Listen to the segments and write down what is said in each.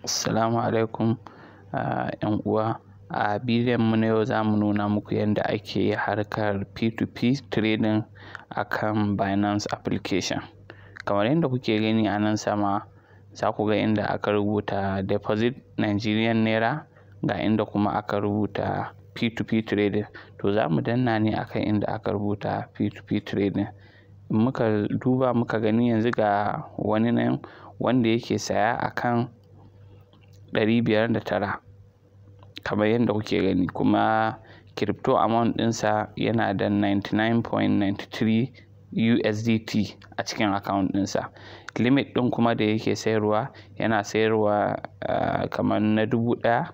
Assalamu alaikum ah, ‘yan uwa. A bidiyon mu na yau za mu nuna muku yadda ake harkar P2P trading a kan Binance application. Kamar yadda kuke gani a nan sama za ku ga inda aka rubuta deposit Nigerian Naira ga inda kuma aka rubuta P2P trading. To za mu danna ne akan inda aka rubuta P2P trading. In muka duba muka gani yanzu ga wani nan wanda yake saya akan tara, kamar yadda kuke gani kuma crypto amount ɗinsa yana da 99.93 USDT a cikin account ɗinsa limit ɗin kuma da yake sayarwa yana sayarwa uh, kamar na dubu ɗaya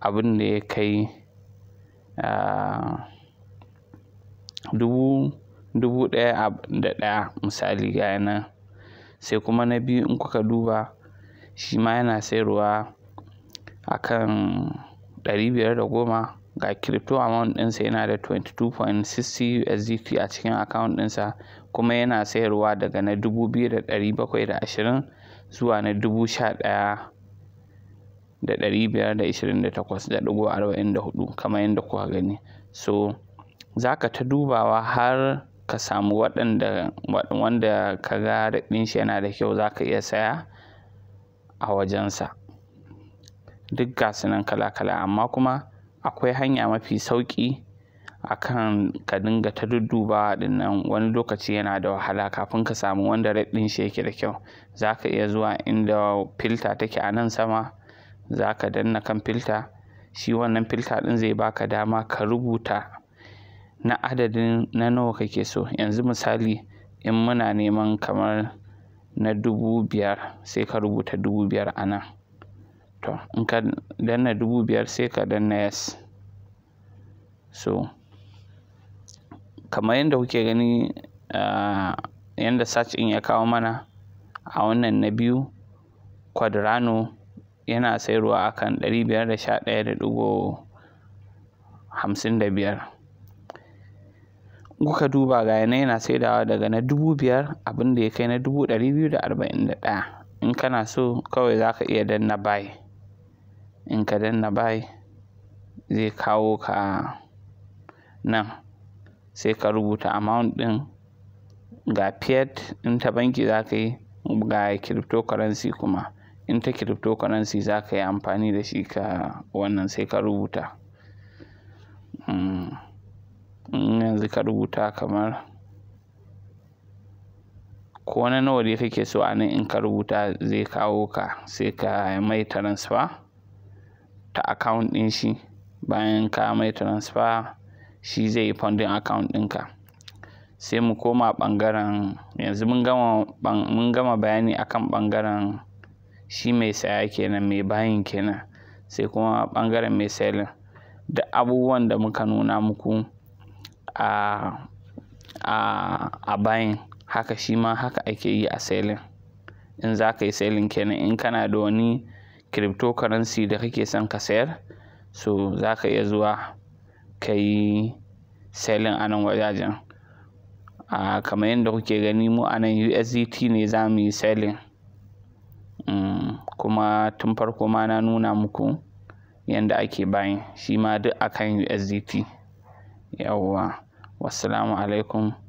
abin da ya kai ah, dubu daya da ɗaya misali ga nan sai kuma na biyu in kuka duba shi ma yana sayarwa akan ɗari biyar da goma ga crypto amount ɗinsa yana da 22.60 USDT a cikin account ɗinsa kuma yana sayarwa daga na 2,720 zuwa na 11,528.44 kamar yadda kuka gani so za ka ta dubawa har ka samu waɗanda wanda ka ga daɗin shi yana da kyau za ka iya saya a wajensa duk gasu nan kala-kala amma kuma akwai hanya mafi sauƙi kan ka dinga ta dudduba dinnan wani lokaci yana da wahala kafin ka samu wanda raɗin shi yake da kyau za ka iya zuwa inda filta take a nan sama za ka danna kan filta shi wannan filta ɗin zai baka dama ka rubuta na adadin na nawa kake so yanzu misali in muna neman kamar na dubu biyar sai ka rubuta dubu biyar a nan to in ka danna dubu biyar sai ka danna yes so kamar yadda kuke gani ah, yadda search in ya kawo mana a wannan na biyu quadrano yana sayarwa akan kan biyar duba ga yana yana saidawa daga na dubu biyar abinda ya kai na dubu in kana so kawai za ka iya danna buy in ka danna buy zai kawo ka nan sai ka rubuta amount ɗin ga fiat in ta banki za ka yi ga cryptocurrency kuma in ta cryptocurrency za ka yi amfani da shi ka wannan sai ka rubuta hmm, in yanzu ka rubuta kamar ko na nawa dai kake so a nan in ka rubuta zai kawo ka sai ka mai transfer ta account ɗin shi bayan ka mai transfer shi zai yi funding account ɗinka sai mu koma ɓangaren yanzu mun gama bayani akan ɓangaren shi mai saya kenan mai bayin kenan sai kuma ɓangaren mai selling da abubuwan da muka nuna muku a a bayin haka shi ma haka ake yi a selling in za ka yi selling kenan in kana da wani cryptocurrency da kake son ka sayar so za ka iya zuwa ka yi selling a nan wajajen a kamar yadda kuke gani mu a nan USDT ne za mu yi selling mm, kuma tun farko ma na nuna muku yadda ake bayan shi ma duk akan USDT yawwa wasu alaikum